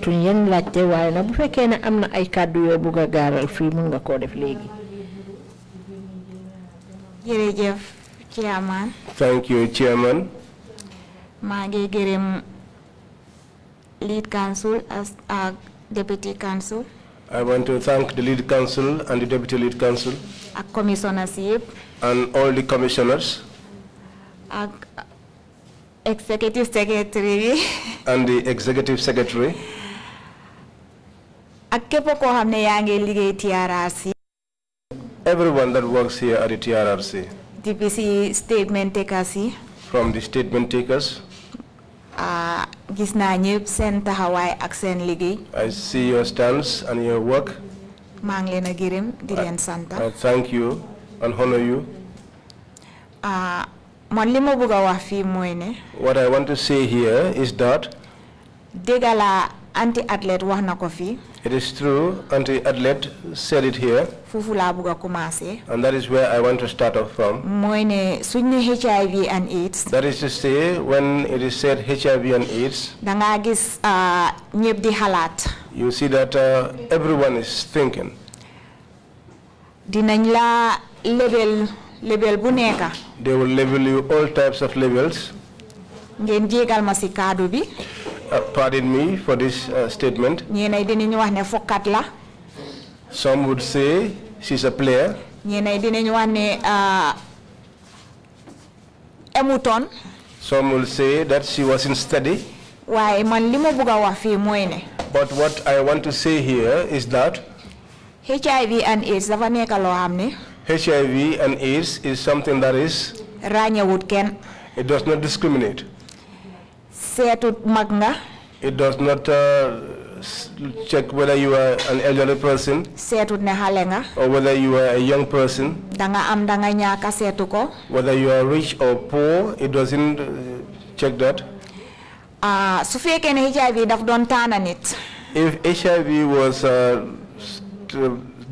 tuñ yenn bu ne ay kàddu nga def chairman. thank you chairman. maa ngi gërëm lead council as uh, deputy council. I want to thank the lead council and the deputy lead council. ak commissioners and all the commissioners. ak executive secretary and the executive secretary ak képp koo xam TRRC. everyone that works here at the TRRC. DPC statement takers from the statement takers. Ah, gis naa ñëpp seen taxawaay ak seen liggéey. I see your stance and your work. maa ngi leen a gërëm I thank you and honor you. Ah, man li ma bëgg a what I want to say here is that. dégg la anti athlète wax kofi. It is true. Auntie Adlet said it here. And that is where I want to start off from. HIV and AIDS. That is to say when it is said HIV and AIDS. Uh, you see that uh, everyone is thinking. They will label you all types of labels uh, pardon me for this uh, statement. Some would say she's a player. Uh, Some will say that she wasn't steady. But what I want to say here is that HIV and AIDS HIV and AIDS is something that It does not discriminate. setu mag nga it does not uh, check whether you are an elderly person setu ne xale nga or whether you are a young person danga am danga ñaaka setu ko whether you are rich or poor it doesn't uh, check that Ah, su fekke ne hiv daf don taana nit if hiv was uh,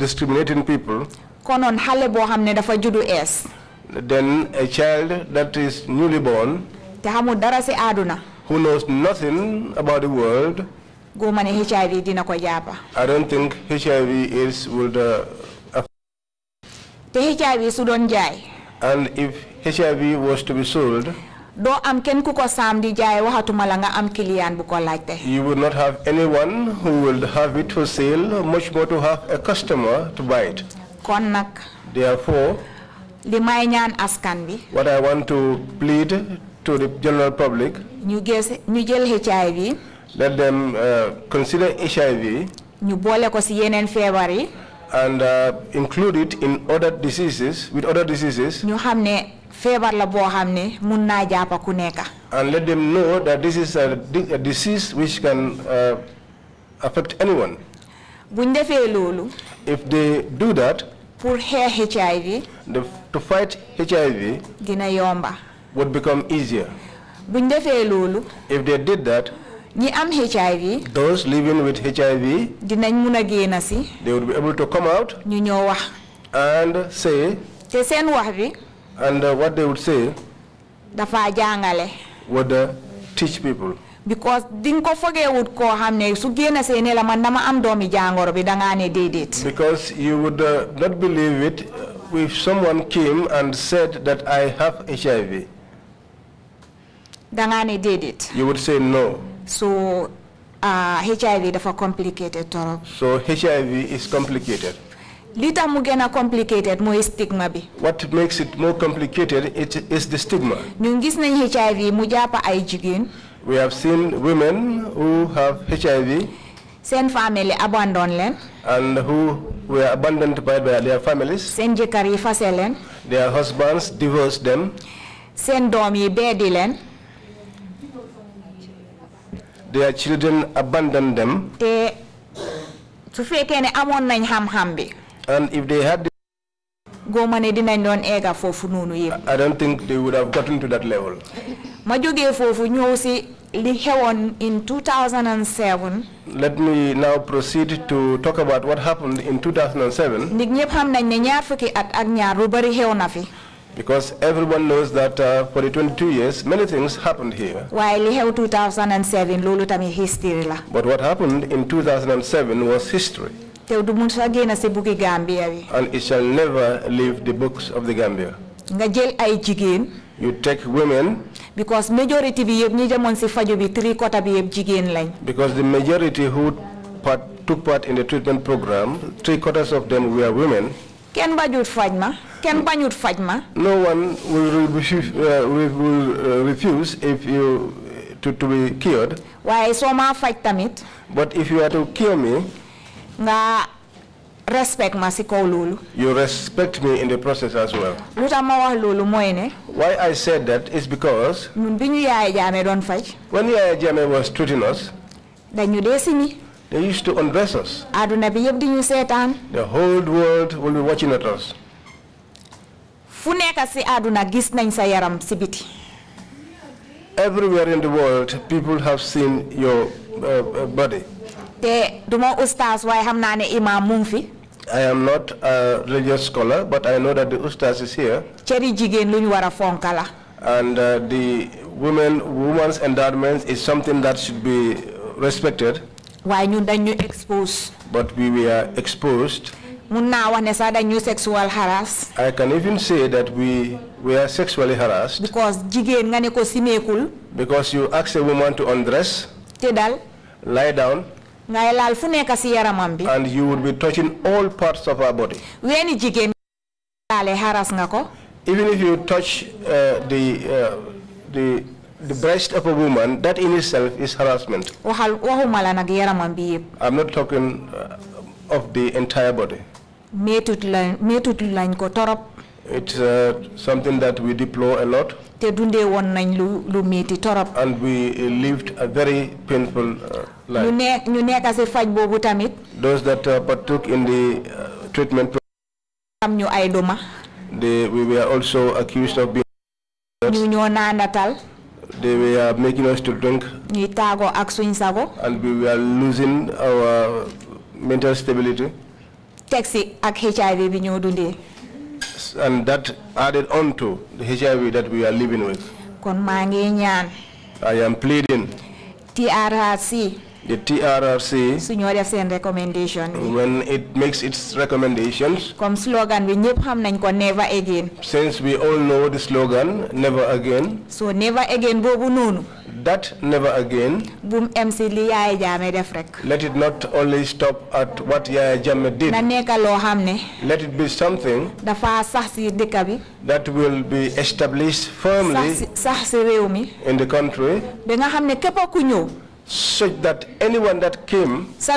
discriminating people konon xale bo xam ne dafa judu S. then a child that is newly born te xamu dara ci aduna who knows nothing about the world, I don't think HIV is would uh, jai. And if HIV was to be sold, am di am you would not have anyone who will have it for sale much more to have a customer to buy it. therefore. li may askan bi. what I want to plead to the general public. HIV. let them uh, consider HIV. ñu boole and uh, include it in other diseases with other diseases. la and let them know that this is a disease which can uh, affect anyone. if they do that. pour xeex HIV. to fight HIV. dina yomba would become easier. if they did that. HIV. those living with HIV. they would be able to come out. and say. and uh, what they would say. dafa jàngale. would uh, teach people. because dinga ko would koo xam you. su génn see ne la man dama am not jàngoro bi dangaa ne déedéet. because you would uh, not believe it uh, if someone came and said that I have HIV. Dangane did it. You would say no. So uh, HIV dafa complicated toro. So HIV is complicated. Li tax mu complicated mooy stigma bi. What makes it more complicated it is the stigma. Nungis na HIV mu jàpp ay We have seen women who have HIV. send family abandon leen. And who were abandoned by their families. send jëkkër yi fase Their husbands divorced them. send domi yi their children abandon them. Te su fekkee ne amoon nañ xam-xam And if they had góoma ne dinañ doon eega ega noonu yëpp. I don't think they would have gotten to that level. Majuge jógee foofu ñëw li xewoon in 2007. Let me now proceed to talk about what happened in 2007. Nignyep ham xam nañ at ak ñaar lu because everyone knows that uh, for the 22 years, many things happened here. Wailihew 2007 lulu tami history la. But what happened in 2007 was history. And it shall never leave the books of the Gambia. nga jël you take women. because majority bi yëpp ñi demoon si faju bi three quarter bi yëpp jigéen lañ. because the majority who part took part in the treatment program three quarters of them were women. Can bañut fight, ma mm. bañut faj ma. no one will refuse, uh, will uh, refuse if you to, to be cured. Why so ma faj tamit. but if you are to cure me. nga respect ma si kaw you respect me in the process as well. ma wax ne. why I said that is because. faj. when Yaaya Jammeh was treating us. dañu dee me. They used to undress us. Aduna bi yëpp di ñu seetaan. The whole world will be watching at us. Fu nekk si aduna gis nañ sa yaram si biti. Everywhere in the world, people have seen your uh, uh body. Te duma ustaas waaye xam naa ne imaam mu fi. I am not a religious scholar, but I know that the ustaz is here. Cëri jigéen lu ñu war a And uh, the women, woman's endowments is something that should be respected waaye but we were exposed. mun naa wax sexual harass. I can even say that we were sexually harassed. because jigéen nga ne ko simeekul. because you ask a woman to undress. te lie down. ngay laal fu and you would be touching all parts of her body. weeni jigéen. laale harass nga even if you touch uh, the uh, the the breast of a woman, that in itself is harassment. I'm not talking uh, of the entire body. It's uh, something that we deplore a lot. And we lived a very painful uh, life. Those that uh, partook in the uh, treatment program, they, we were also accused of being they were making us to drink. And we were losing our mental stability. And that added on to the HIV that we are living with. I am pleading the TRRC su ñoo seen recommendation when it makes its recommendations Come slogan We never have, never again since we all know the slogan never again so never again boobu that never again bum em si li Yaya Jammeh def rek let it not only stop at what Yaya Jammeh did let it be something that will be established firmly sax in the country such that anyone that came sa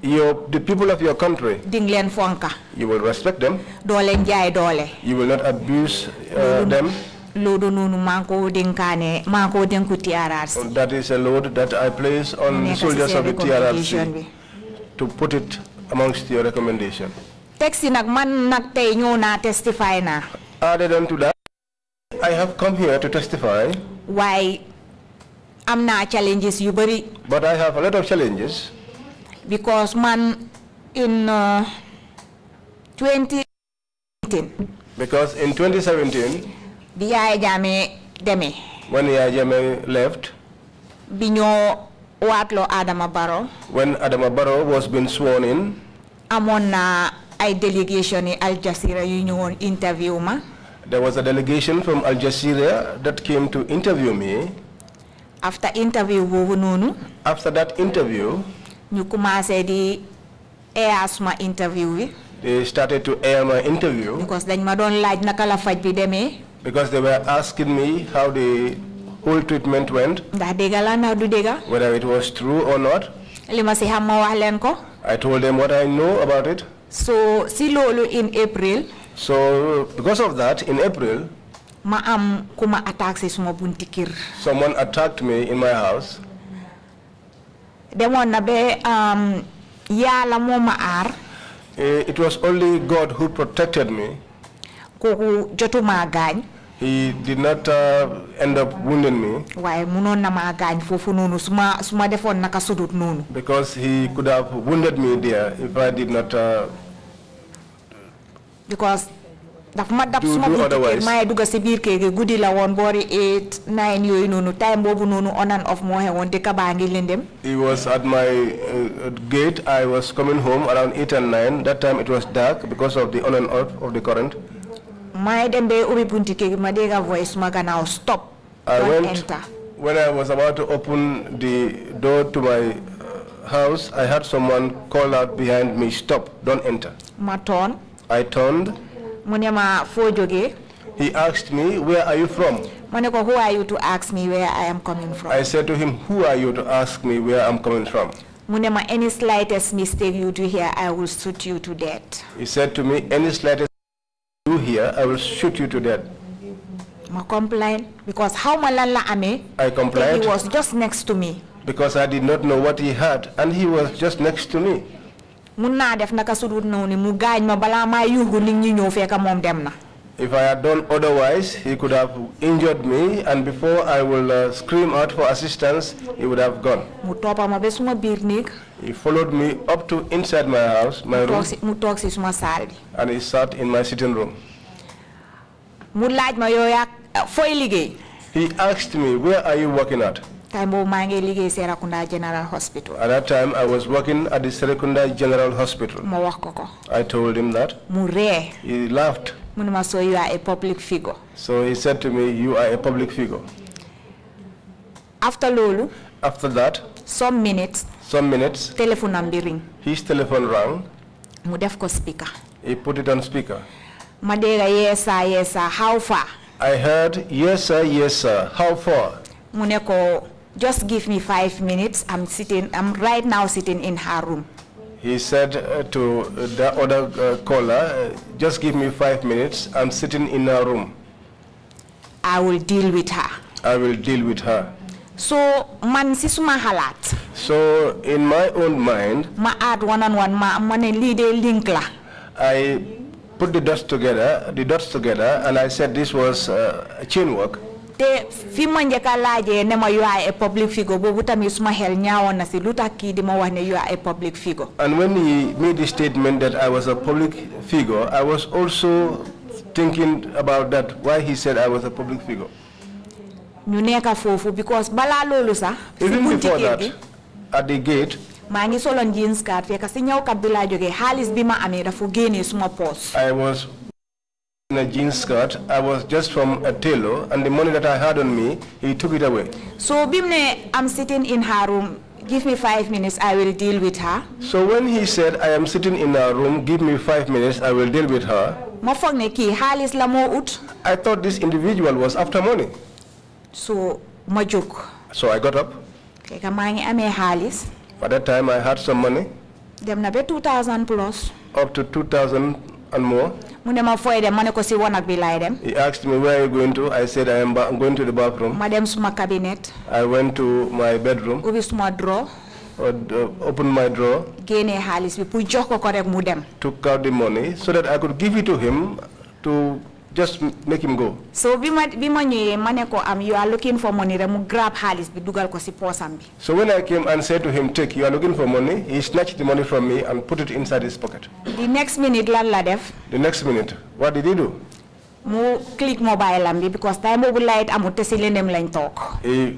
your the people of your country ding leen fonka you will respect them you will not abuse uh, them TRRC that is a load that I place on the soldiers of the TRRC to put it amongst your recommendation texte yi man testify na. other than to that I have come here to testify why am challenges yu very. but I have a lot of challenges. because man in uh, 2017. because in 2017. bi Yaya Jammeh demee. when Yaya Jammeh left. bi watlo waatloo Adama when Adama was being sworn in. amoon na ay délégation yi Al Jazeera yu ñëwoon interview ma. there was a delegation from Al Jazeera that came to interview me after interview boobu after that interview. ñu the di air suma interview they started to air my interview. because dañ ma doon laaj naka la faj bi demee. because they were asking me how the whole treatment went. whether it was true or not. I told them what I know about it. so si loolu in April. so because of that in April ma am kuma suma bunti someone attacked me in my house. demoon na be um, eh, it was only God who protected me. jotuma he did not uh, end up wounding me. Because he could have wounded me there if I did not. Uh, because daf ma dab suma maay biir guddi la woon boori eight nine yooyu noonu time boobu noonu on and off moo xewoon dëkk baa ngi it was at my uh, gate I was coming home around eight and nine that time it was dark because of the on and off of the current maay dem be ubi buntu kër ma voice suma gannaaw stop I went when I was about to open the door to my uh, house I heard someone call out behind me stop don't enter ma turn I turned mu He asked me, where are you from? ma who are you to ask me where I am coming from. I said to him, who are you to ask me where I'm coming from? mu any slightest mistake you do here, I will shoot you to death. He said to me, any slightest you do here, I will shoot you to death. ma complain because how malala ame? I complained. He was just next to me. Because I did not know what he had and he was just next to me def naka sudut mu ma nit ñi ñëw dem na. If I had done otherwise, he could have injured me, and before I will uh, scream out for assistance, he would have gone. He followed me up to inside my house, my room, and he sat in my sitting room. He asked me, where are you working at? General Hospital. At that time, I was working at the Serekunda General Hospital. I told him that. He laughed. So you are a public figure. So he said to me, you are a public figure. After Lulu. After that. Some minutes. Some minutes. Telephone number ring. His telephone rang. Mu def speaker. He put it on speaker. Madera yes sir yes sir how far? I heard yes sir yes sir how far? Mu ne just give me five minutes. I'm sitting, I'm right now sitting in her room. He said uh, to uh, the other uh, caller, just give me five minutes. I'm sitting in her room. I will deal with her. I will deal with her. So, man halat. So, in my own mind, ma add one on one, ma mane lide link la. I put the dots together, the dots together, and I said this was uh, chain work te fi ma ne ma public figure suma xel na di ma wax ne public figure. and when he made the statement that I was a public figure I was also thinking about that why he said I was a public figure. ñu nekk foofu because balaa loolu sax. si at the gate. ngi jeans card fekk si bi bi ma dafa suma I was in a jean skirt. I was just from a tailor, and the money that I had on me, he took it away. So Bimne, I'm sitting in her room. Give me five minutes, I will deal with her. So when he said, I am sitting in her room, give me five minutes, I will deal with her. I thought this individual was after money. So, majuk. So I got up. By that time, I had some money. two thousand plus. Up to 2,000 and more. Munema foyede maneko si wanak bilaidem. He asked me where are you going to? I said I am going to the bathroom. Madam suma cabinet. I went to my bedroom. Ubi suma drawer. Uh, open my drawer. Gene halis bi pour jox ko Took out the money so that I could give it to him to just make him go. So bima bima ñëwee um, you are looking for money rek grab xaalis bi dugal So when I came and said to him take you are looking for money he snatched the money from me and put it inside his pocket. The next minute lan la def. The next minute what did he do? mu click mobile am because time mobile light amut te si lëndëm lañ talk. He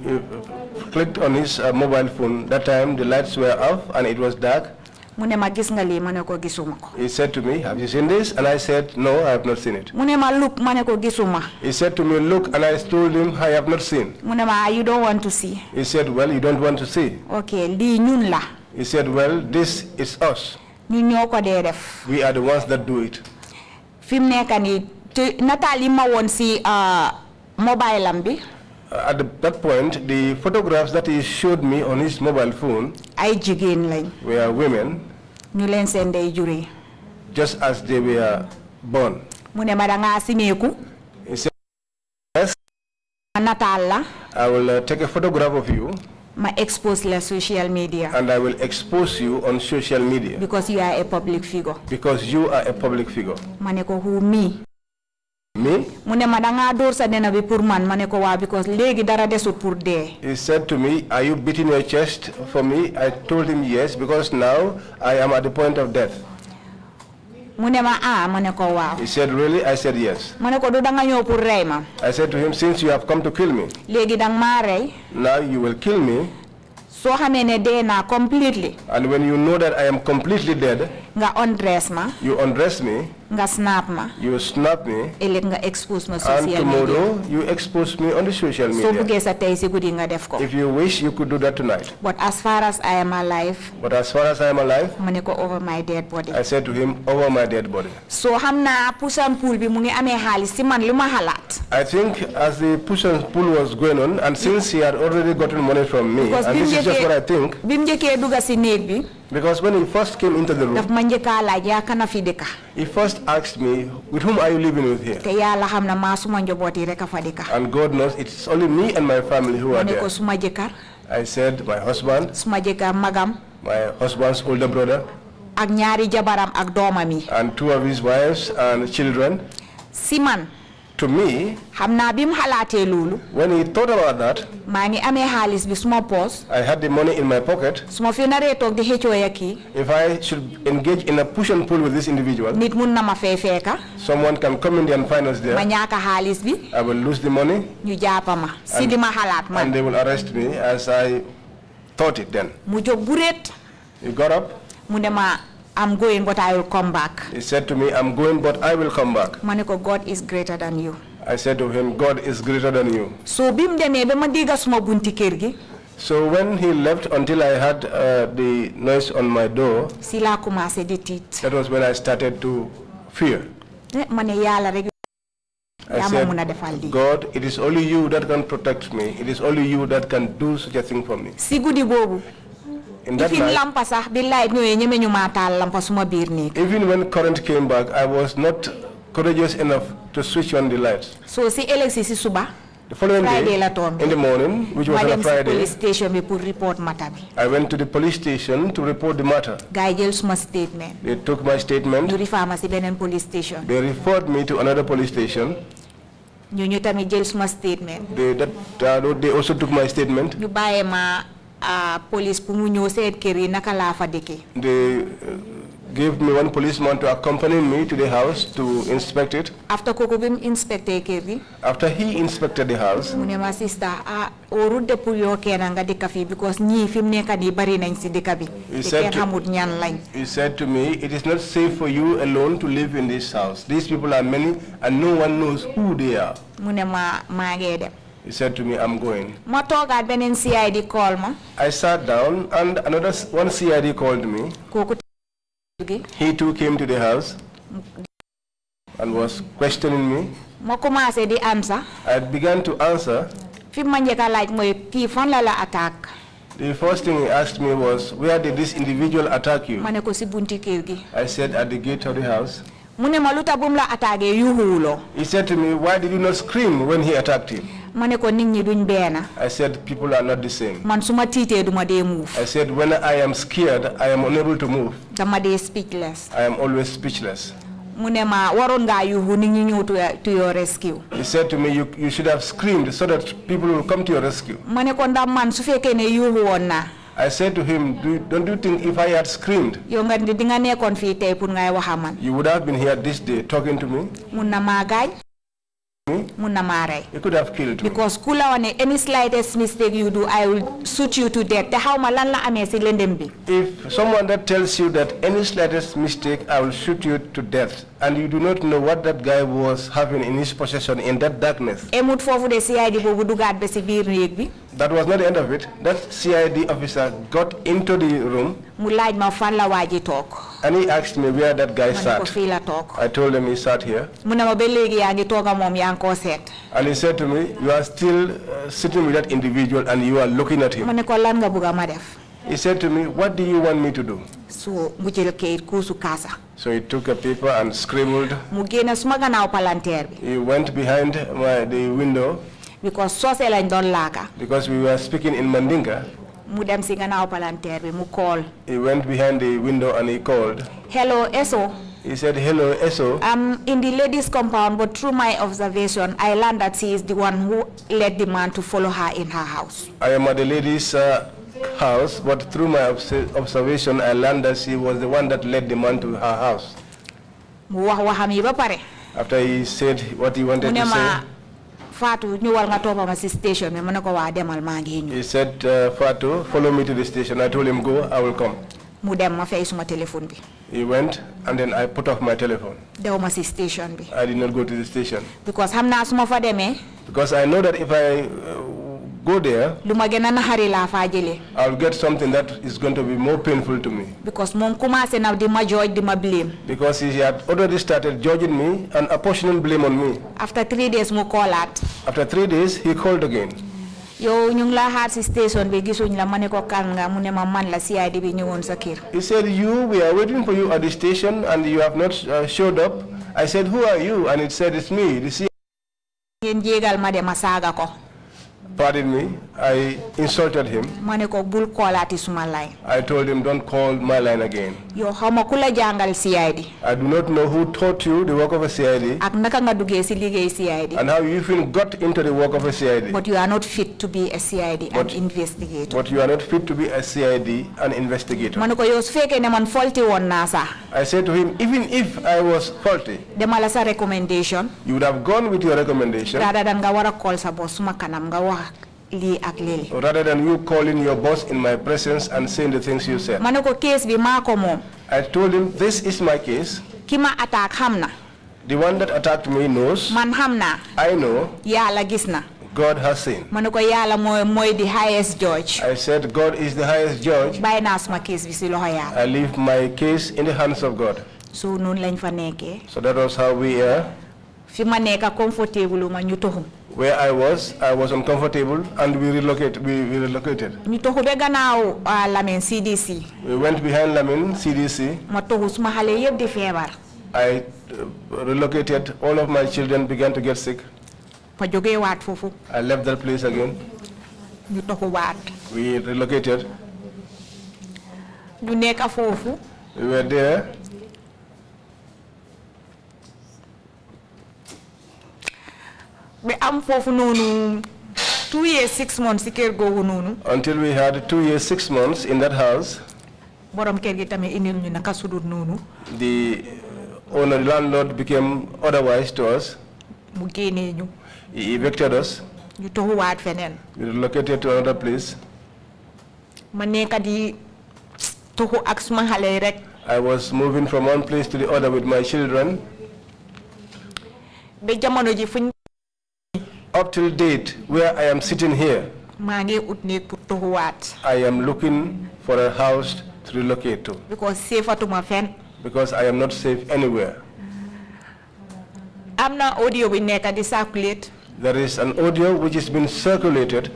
clicked on his uh, mobile phone that time the lights were off and it was dark. He said to me, Have you seen this? And I said, No, I have not seen it. He said to me, Look, and I told him, I have not seen. You don't want to see. He said, Well, you don't want to see. Okay, He said, Well, this is us. We are the ones that do it. Film neka natali ma won si uh, mobile ambi. Uh, at the, that point, the photographs that he showed me on his mobile phone were women and just as they were born. He said, yes, I will uh, take a photograph of you ma expose la social media. And I will expose you on social media. Because you are a public figure. Because you are a public figure. Maneko who me dena bi pour man because dara desut pour he said to me are you beating your chest for me I told him yes because now I am at the point of death. ma ah, he said really I said yes. pour rey ma. I said to him since you have come to kill me. léegi da rey. now you will kill me. So xamee ne dee completely. and when you know that I am completely dead nga undress ma. You undress me. Nga snap ma. You snap me. Elek nga expose ma social media. And tomorrow media. you expose me on the social media. So bugge sa tay si gudi nga def ko. If you wish you could do that tonight. But as far as I am alive. But as far as I am alive. Mane over my dead body. I said to him over my dead body. So hamna push and pull bi mu ngi amé xaalis ci man luma halat. I think as the push and pull was going on and since he had already gotten money from me because and this is just what I think. Bim jëkke duga ci neeg bi. Because when he first came into the room, he first asked me, with whom are you living with here? and God knows it's only me and my family who are there. I said my husband. my husband's older brother. and two of his wives and children. si to me, when he thought about that, I had the money in my pocket. If I should engage in a push and pull with this individual, someone can come in and finance there. I will lose the money. And, and they will arrest me as I thought it then. You got up. I'm going, but I will come back. He said to me, I'm going, but I will come back. Maniko, God is greater than you. I said to him, God is greater than you. So bim bunti So when he left until I heard uh, the noise on my door, sila That was when I started to fear. Eh, I said, God, it is only you that can protect me. It is only you that can do such a thing for me in that night, ah, even when current came back i was not courageous enough to switch on the lights so si elexi si suba the following Friday day, in the morning, which was on a Friday, police station pour report matter I went to the police station to report the matter. Guy my statement. They took my statement. To refer police station. They referred me to another police station. You tamit jël statement. They that uh, they also took my statement. You buy police pour mu ñëw seet kër yi naka fa They uh, gave me one policeman to accompany me to the house to inspect it. After kooku bi mu inspecté kër After he inspected the house. mu ne ma sista ah warut de pour yoo kenn nga because ñi fi mu in nii bari nañ si dëkk bi. he said to xamut ñan lañ. he said to me it is not safe for you alone to live in this house these people are many and no one knows who they are. mu ne ma dem. He said to me, I'm going. I sat down and another one CID called me. He too came to the house and was questioning me. I began to answer. The first thing he asked me was, where did this individual attack you? I said, at the gate of the house. He said to me, why did you not scream when he attacked you? ma ko nit ñi duñ benn. I said people are not the same. man suma tite tiitee du move. I said when I am scared I am unable to move. dama dee speechless. I am always speechless. mu ne ma waroon ngaa yuuxu nit ñi ñëw to your rescue. he said to me you you should have screamed so that people will come to your rescue. ma ne ko ndax man su fekkee ne yuuxu woon naa. I said to him, Do, don't you think if I had screamed, you would have been here this day talking to me? Munamare. could have killed me. Because kula wane any slightest mistake you do, I will shoot you to death. How malala amesi lendembi. If someone that tells you that any slightest mistake, I will shoot you to death, and you do not know what that guy was having in his possession in that darkness. Emut fofu de CID bobu dugat besi that was not the end of it that CID officer got into the room and he asked me where that guy sat I told him he sat here and he said to me you are still uh, sitting with that individual and you are looking at him he said to me what do you want me to do so So he took a paper and scribbled. He went behind my, the window because because we were speaking in Mandinka. mu call. he went behind the window and he called. hello eso. He said, hello, eso. I'm um, in the ladies' compound, but through my observation, I learned that she is the one who led the man to follow her in her house. I am at the ladies' uh, house, but through my obs observation, I learned that she was the one that led the man to her house. After he said what he wanted to say, station he said uh, "Fatu, follow me to the station I told him go I will come. téléphone he went and then I put off my telephone. dew ma station I did not go to the station. because because I know that if I. Uh, go there, I'll get something that is going to be more painful to me. Because mom commencé na di ma judge, di ma blame. Because he had already started judging me and apportioning blame on me. After three days, mo call at. After three days, he called again. yow la station bi la nga la CID bi he said you we are waiting for you at the station and you have not uh, showed up I said who are you and it said it's me the CID. a Pardon me, I insulted him. I told him, don't call my line again. I do not know who taught you the work of a CID. And how you even got into the work of a CID. But you are not fit to be a CID but, and investigator. But you are not fit to be a CID and investigator. I said to him, even if I was faulty, you would have gone with your recommendation rather than Rather than you calling your boss in my presence and saying the things you said. I told him, this is my case. Kima attack hamna. The one that attacked me knows. Man hamna. I know. Yala gisna. God has seen. Manuko yala moy moy the highest judge. I said God is the highest judge. By nas ma case bisilo hayal. I leave my case in the hands of God. So nun lañ fa So that was how we are. Uh, Fi neka comfortable ma where I was, I was uncomfortable, and we relocated. We, we relocated. Uh, we went behind Lamin CDC. I uh, relocated. All of my children began to get sick. I left that place again. We relocated. We were there. ba am for no no two years six months ci kër no no until we had two years six months in that house. borom kër gi tamit indil ñu naka sudut noonu. the owner landlord became otherwise to us. mu génnee ñu. he evicted us. ñu toxuwaat feneen. we relocated to another place. ma nekk di toxu ak suma xale rek. I was moving from one place to the other with my children. ba jamono ji fuñ up till date, where I am sitting here, I am looking for a house to relocate to. Because safe Because I am not safe anywhere. I'm not audio we net at circulate. There is an audio which has been circulated.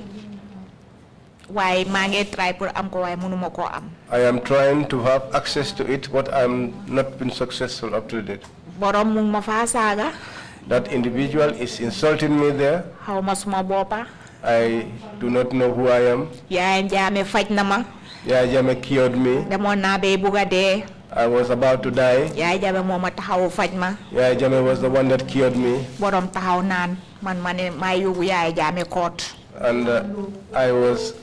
Why try for why am. I am trying to have access to it, but I'm not been successful up to date. Borom mung mafasaga. That individual is insulting me there. I do not know who I am. Yaayam Jammeh faj na ma. cured me. The I was about to die. I am a ma taxawu faj ma. was the one that cured me. Borom am naan man ma ne maa court. And uh, I was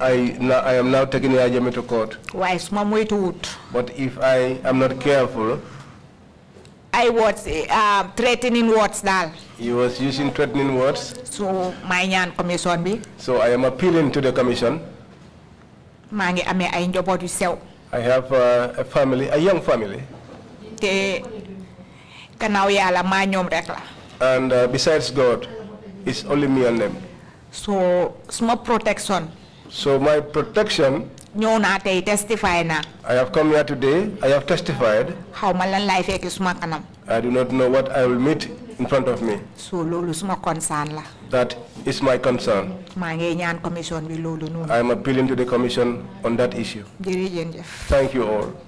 I, now, I am now taking Yajame to court. Why, But if I am not careful, I was uh, threatening words Now he was using threatening words. so my young commission so I am appealing to the commission. I have a family a young family. te gannaaw and uh, besides God it's only me and them. so small protection. so my protection ñëw naa tey I have come here today. I have testified. How ma life laay fekki kanam. I do not know what I will meet in front of me. so loolu suma concern la. that is my concern. maa ngi commission will loolu noonu. I am appealing to the commission on that issue. thank you all.